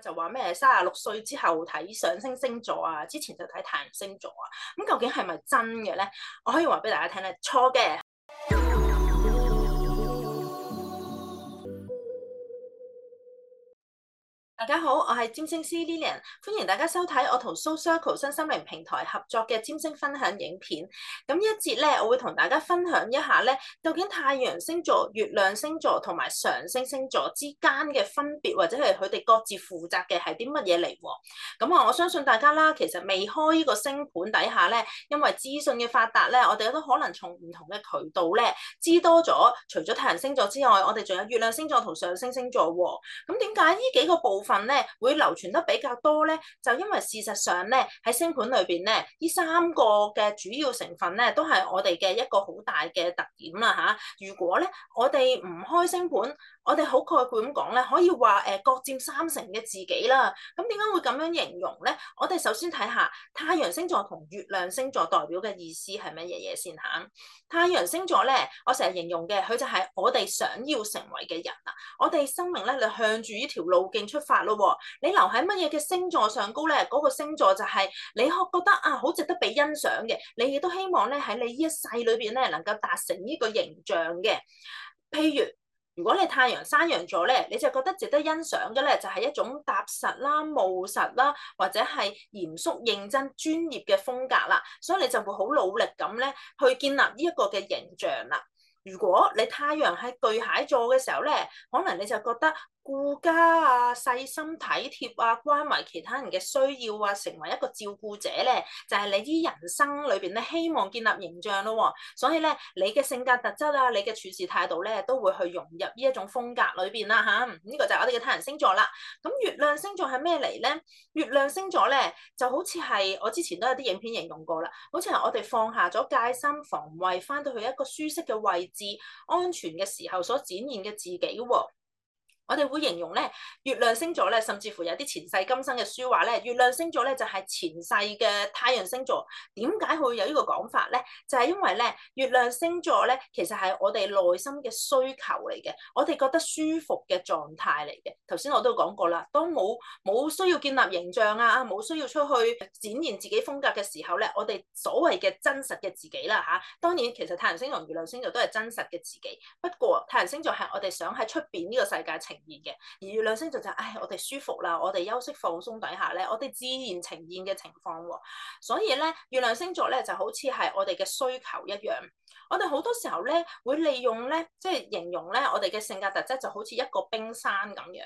就話咩三十六歲之後睇上升星，星座啊，之前就睇太陽星座啊，咁究竟係咪真嘅咧？我可以話俾大家聽咧，錯嘅。大家好，我係占星師 Lilian，歡迎大家收睇我同 Soul Circle 新心靈平台合作嘅占星分享影片。咁一節咧，我會同大家分享一下咧，究竟太陽星座、月亮星座同埋上升星座之間嘅分別，或者係佢哋各自負責嘅係啲乜嘢嚟？咁啊，我相信大家啦，其實未開呢個星盤底下咧，因為資訊嘅發達咧，我哋都可能從唔同嘅渠道咧知多咗，除咗太陽星座之外，我哋仲有月亮星座同上升星座。咁點解呢幾個部分？咧會流傳得比較多咧，就因為事實上咧喺星盤裏邊咧，呢三個嘅主要成分咧，都係我哋嘅一個好大嘅特點啦吓，如果咧我哋唔開星盤。我哋好概括咁講咧，可以話誒各佔三成嘅自己啦。咁點解會咁樣形容咧？我哋首先睇下太陽星座同月亮星座代表嘅意思係乜嘢嘢先嚇。太陽星座咧，我成日形容嘅佢就係我哋想要成為嘅人啦。我哋生命咧，你向住呢條路徑出發咯。你留喺乜嘢嘅星座上高咧？嗰個星座就係你覺得啊好值得俾欣賞嘅，你亦都希望咧喺你呢一世裏邊咧能夠達成呢個形象嘅。譬如，如果你太陽山羊座咧，你就覺得值得欣賞嘅咧，就係一種踏實啦、務實啦，或者係嚴肅、認真、專業嘅風格啦，所以你就會好努力咁咧，去建立呢一個嘅形象啦。如果你太陽喺巨蟹座嘅時候咧，可能你就覺得。顧家啊，細心體貼啊，關懷其他人嘅需要啊，成為一個照顧者咧，就係、是、你啲人生裏邊咧希望建立形象咯、哦。所以咧，你嘅性格特質啊，你嘅處事態度咧，都會去融入呢一種風格裏邊啦。吓、啊，呢、這個就係我哋嘅太陽星座啦。咁月亮星座係咩嚟咧？月亮星座咧就好似係我之前都有啲影片形容過啦，好似係我哋放下咗戒心防衛，翻到去一個舒適嘅位置、安全嘅時候所展現嘅自己、哦。我哋會形容咧月亮星座咧，甚至乎有啲前世今生嘅書話咧，月亮星座咧就係、是、前世嘅太陽星座。點解會有個呢個講法咧？就係、是、因為咧月亮星座咧，其實係我哋內心嘅需求嚟嘅，我哋覺得舒服嘅狀態嚟嘅。頭先我都講過啦，當冇冇需要建立形象啊，冇需要出去展現自己風格嘅時候咧，我哋所謂嘅真實嘅自己啦、啊、嚇。當然其實太陽星座、月亮星座都係真實嘅自己，不過太陽星座係我哋想喺出邊呢個世界呈。嘅，而月亮星座就唉，我哋舒服啦，我哋休息放鬆底下咧，我哋自然呈現嘅情況。所以咧，月亮星座咧就好似係我哋嘅需求一樣。我哋好多時候咧會利用咧，即係形容咧我哋嘅性格特質就好似一個冰山咁樣。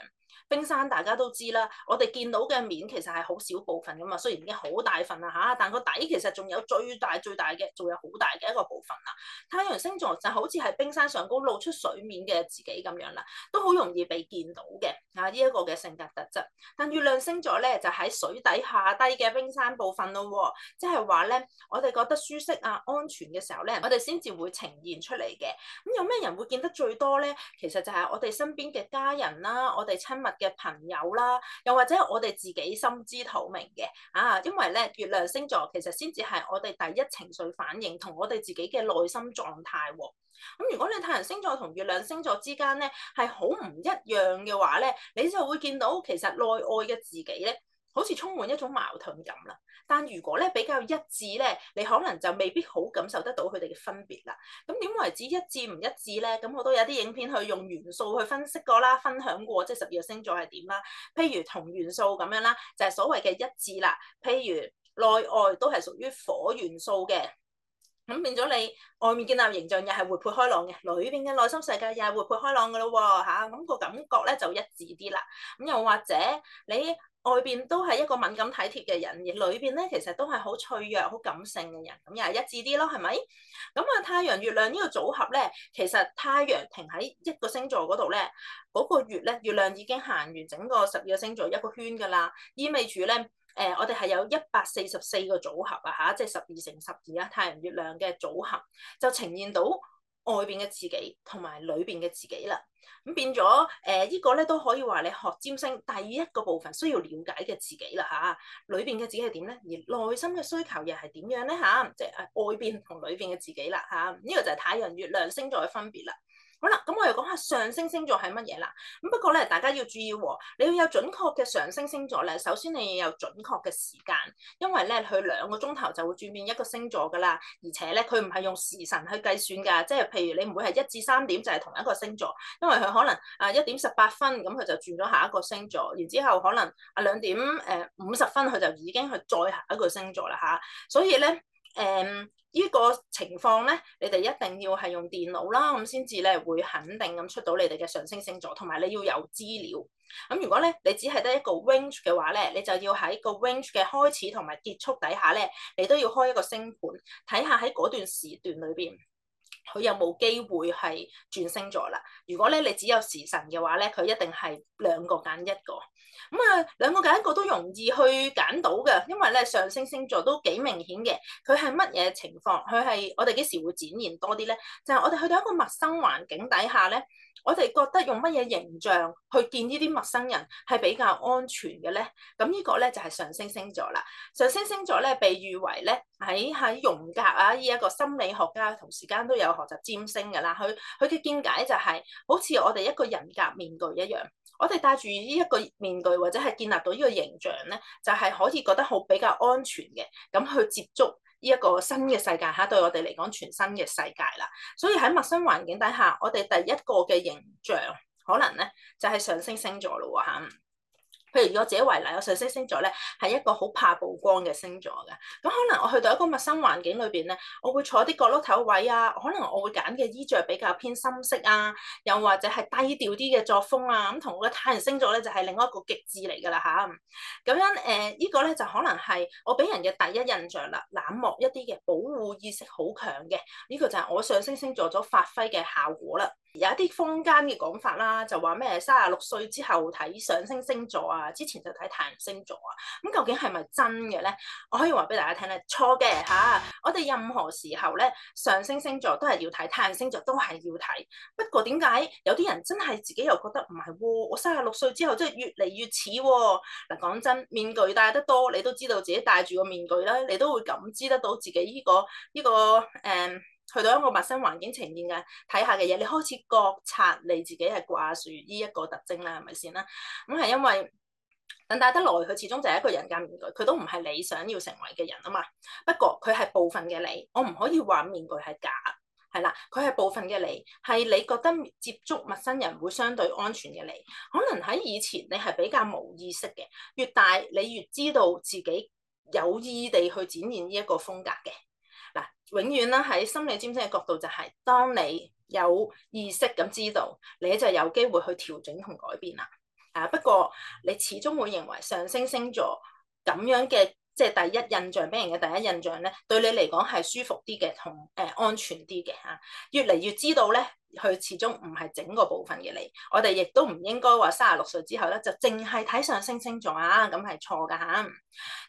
冰山大家都知啦，我哋見到嘅面其實係好少部分噶嘛，雖然已經好大份啦吓，但個底其實仲有最大最大嘅，仲有好大嘅一個部分啦。太陽星座就好似係冰山上高露出水面嘅自己咁樣啦，都好容易俾。見到嘅啊，呢一個嘅性格特質，但月亮星座咧就喺水底下低嘅冰山部分咯，哦，即係話咧，我哋覺得舒適啊、安全嘅時候咧，我哋先至會呈現出嚟嘅。咁有咩人會見得最多咧？其實就係我哋身邊嘅家人啦，我哋親密嘅朋友啦，又或者我哋自己心知肚明嘅啊，因為咧月亮星座其實先至係我哋第一情緒反應同我哋自己嘅內心狀態，哦。咁如果你太陽星座同月亮星座之間咧係好唔一樣嘅話咧，你就會見到其實內外嘅自己咧，好似充滿一種矛盾咁啦。但如果咧比較一致咧，你可能就未必好感受得到佢哋嘅分別啦。咁點為止一致唔一致咧？咁我都有啲影片去用元素去分析過啦，分享過即係十二個星座係點啦。譬如同元素咁樣啦，就係所謂嘅一致啦。譬如內外都係屬於火元素嘅。咁變咗你外面建立形象又係活潑開朗嘅，裏邊嘅內心世界又係活潑開朗嘅咯喎，嚇、啊、咁、嗰個感覺咧就一致啲啦。咁又或者你外邊都係一個敏感體貼嘅人，而裏邊咧其實都係好脆弱、好感性嘅人，咁又係一致啲咯，係咪？咁啊，太陽月亮呢個組合咧，其實太陽停喺一個星座嗰度咧，嗰、嗰個月咧，月亮已經行完整個十二個星座一個圈噶啦，意味住咧。誒、呃，我哋係有一百四十四個組合啊，嚇，即係十二乘十二啊，太陽月亮嘅組合，就呈現到外邊嘅自己同埋裏邊嘅自己啦。咁變咗誒，呢個咧都可以話你學占星，第一個部分需要了解嘅自己啦，嚇、啊，裏邊嘅自己係點咧？而內心嘅需求又係點樣咧？嚇、啊，即係誒外邊同裏邊嘅自己啦，嚇、啊，呢個就係太陽月亮星座嘅分別啦。好啦，咁我嚟講下上升星座係乜嘢啦？咁不過咧，大家要注意喎，哦，你要有準確嘅上升星座咧，首先你要有準確嘅時間，因為咧佢兩個鐘頭就會轉變一個星座噶啦，而且咧佢唔係用時辰去計算㗎，即係譬如你唔會係一至三點就係同一個星座，因為佢可能啊一點十八分咁佢就轉咗下一個星座，然之後可能啊兩點誒五十分佢就已經係再下一個星座啦嚇，所以咧。誒，呢、嗯，這個情況咧，你哋一定要係用電腦啦，咁先至咧會肯定咁出到你哋嘅上升星座，同埋你要有資料。咁如果咧你只係得一個 range 嘅話咧，你就要喺個 range 嘅開始同埋結束底下咧，你都要開一個星盤，睇下喺嗰段時段裏邊。佢又冇機會係轉星座啦。如果咧你只有時辰嘅話咧，佢一定係兩個揀一個。咁、嗯、啊，兩個揀一個都容易去揀到嘅，因為咧上升星座都幾明顯嘅。佢係乜嘢情況？佢係我哋幾時會展現多啲咧？就係、是、我哋去到一個陌生環境底下咧。我哋覺得用乜嘢形象去見呢啲陌生人係比較安全嘅咧？咁呢個咧就係上升星座啦。上升星座咧，被譽為咧喺喺榮格啊呢一個心理學家，同時間都有學習占星嘅啦。佢佢嘅見解就係好似我哋一個人格面具一樣，我哋戴住呢一個面具或者係建立到呢個形象咧，就係可以覺得好比較安全嘅，咁去接觸。呢一個新嘅世界嚇，對我哋嚟講全新嘅世界啦，所以喺陌生環境底下，我哋第一個嘅形象可能咧就係上升星座咯喎嚇。譬如我自己為例，我上升星座咧係一個好怕曝光嘅星座嘅，咁可能我去到一個陌生環境裏邊咧，我會坐啲角落頭位啊，可能我會揀嘅衣着比較偏深色啊，又或者係低調啲嘅作風啊，咁同我嘅太陽星座咧就係另外一個極致嚟㗎啦嚇。咁樣誒，呃這個、呢個咧就可能係我俾人嘅第一印象啦，冷漠一啲嘅，保護意識好強嘅，呢、這個就係我上升星座所發揮嘅效果啦。有一啲坊間嘅講法啦，就話咩三十六歲之後睇上升星座啊，之前就睇太陽星座啊。咁究竟係咪真嘅咧？我可以話俾大家聽咧，錯嘅嚇、啊。我哋任何時候咧，上升星座都係要睇，太陽星座都係要睇。不過點解有啲人真係自己又覺得唔係喎？我三十六歲之後真係越嚟越似喎、哦。嗱，講真，面具戴得多，你都知道自己戴住個面具啦，你都會感知得到自己呢個、呢個、誒。嗯去到一個陌生環境呈現嘅睇下嘅嘢，你開始覺察你自己係掛住呢一個特徵啦，係咪先啦？咁係因為等戴得耐，佢始終就係一個人間面具，佢都唔係你想要成為嘅人啊嘛。不過佢係部分嘅你，我唔可以話面具係假，係啦，佢係部分嘅你，係你覺得接觸陌生人會相對安全嘅你，可能喺以前你係比較冇意識嘅，越大你越知道自己有意地去展現呢一個風格嘅。永遠咧喺心理占星嘅角度就係、是，當你有意識咁知道，你就有機會去調整同改變啦。啊，不過你始終會認為上升星座咁樣嘅，即、就、係、是、第一印象，俾人嘅第一印象咧，對你嚟講係舒服啲嘅同誒安全啲嘅嚇。越嚟越知道咧，佢始終唔係整個部分嘅你。我哋亦都唔應該話三十六歲之後咧，就淨係睇上升星座啊，咁係錯㗎嚇。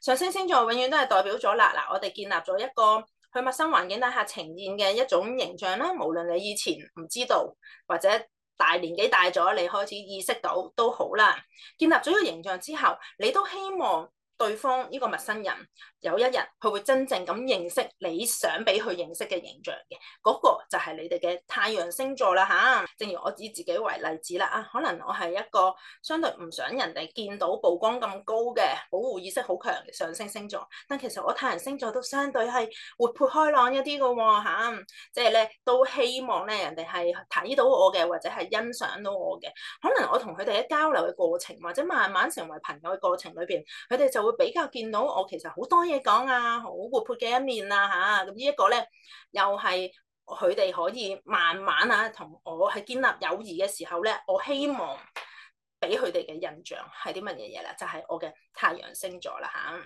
上升星座永遠都係代表咗啦，嗱、啊，我哋建立咗一個。去陌生環境底下呈現嘅一種形象啦，無論你以前唔知道，或者大年紀大咗，你開始意識到都好啦。建立咗個形象之後，你都希望，對方呢個陌生人，有一日佢會真正咁認識你想俾佢認識嘅形象嘅，嗰個就係你哋嘅太陽星座啦吓。正如我以自己為例子啦啊，可能我係一個相對唔想人哋見到曝光咁高嘅保護意識好強嘅上升星座，但其實我太陽星座都相對係活潑開朗一啲嘅喎嚇，即係咧都希望咧人哋係睇到我嘅或者係欣賞到我嘅。可能我同佢哋喺交流嘅過程或者慢慢成為朋友嘅過程裏邊，佢哋就會。會比較見到我其實好多嘢講啊，好活潑嘅一面啊。吓、啊，咁呢一個咧又係佢哋可以慢慢啊同我喺建立友誼嘅時候咧，我希望俾佢哋嘅印象係啲乜嘢嘢啦，就係、是、我嘅太陽星座啦吓。啊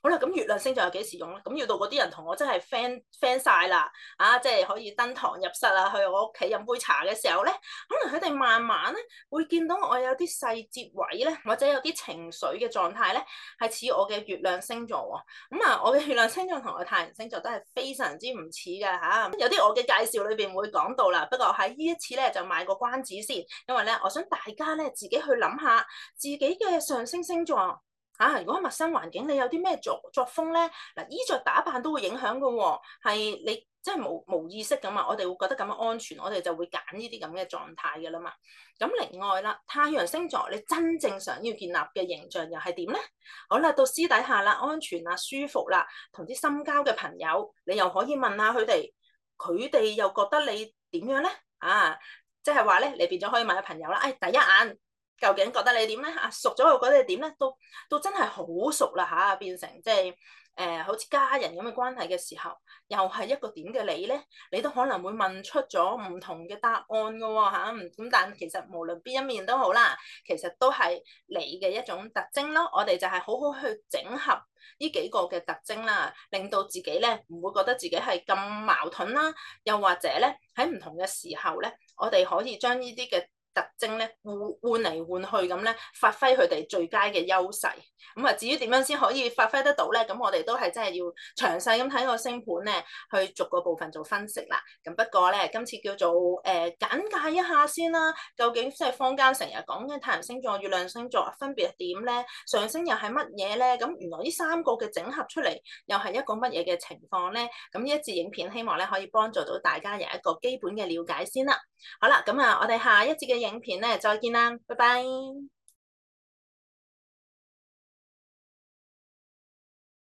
好啦，咁月亮星座有幾時用咧？咁要到嗰啲人同我真係 friend friend 曬啦，啊，即係可以登堂入室啊，去我屋企飲杯茶嘅時候咧，可能佢哋慢慢咧會見到我有啲細節位咧，或者有啲情緒嘅狀態咧，係似我嘅月亮星座喎、哦。咁、嗯、啊，我嘅月亮星座同我嘅太陽星座都係非常之唔似嘅嚇。有啲我嘅介紹裏邊會講到啦。不過喺呢一次咧就買個關子先，因為咧我想大家咧自己去諗下自己嘅上升星座。啊！如果喺陌生環境，你有啲咩作作風咧？嗱、啊，衣着打扮都會影響噶喎。係你即係冇無意識咁嘛？我哋會覺得咁樣安全，我哋就會揀呢啲咁嘅狀態噶啦嘛。咁、啊、另外啦，太陽星座你真正想要建立嘅形象又係點咧？好啦，到私底下啦，安全啦，舒服啦，同啲深交嘅朋友，你又可以問下佢哋，佢哋又覺得你點樣咧？啊，即係話咧，你變咗可以問下朋友啦。誒、哎，第一眼。究竟覺得你點咧？熟咗又覺得你點咧？都都真係好熟啦嚇、啊，變成即係誒好似家人咁嘅關係嘅時候，又係一個點嘅你咧，你都可能會問出咗唔同嘅答案㗎喎嚇。咁但其實無論邊一面都好啦，其實都係你嘅一種特徵咯。我哋就係好好去整合呢幾個嘅特徵啦，令到自己咧唔會覺得自己係咁矛盾啦。又或者咧，喺唔同嘅時候咧，我哋可以將呢啲嘅。特徵咧，換換嚟，換去咁咧，發揮佢哋最佳嘅優勢。咁啊，至於點樣先可以發揮得到咧，咁我哋都係真係要詳細咁睇個星盤咧，去逐個部分做分析啦。咁不過咧，今次叫做誒、呃，簡介一下先啦。究竟即係坊間成日講嘅太陽星座、月亮星座分別係點咧？上升又係乜嘢咧？咁原來呢三個嘅整合出嚟，又係一個乜嘢嘅情況咧？咁呢一節影片希望咧，可以幫助到大家有一個基本嘅了解先啦。好啦，咁啊，我哋下一節嘅。影片咧，再見啦，拜拜。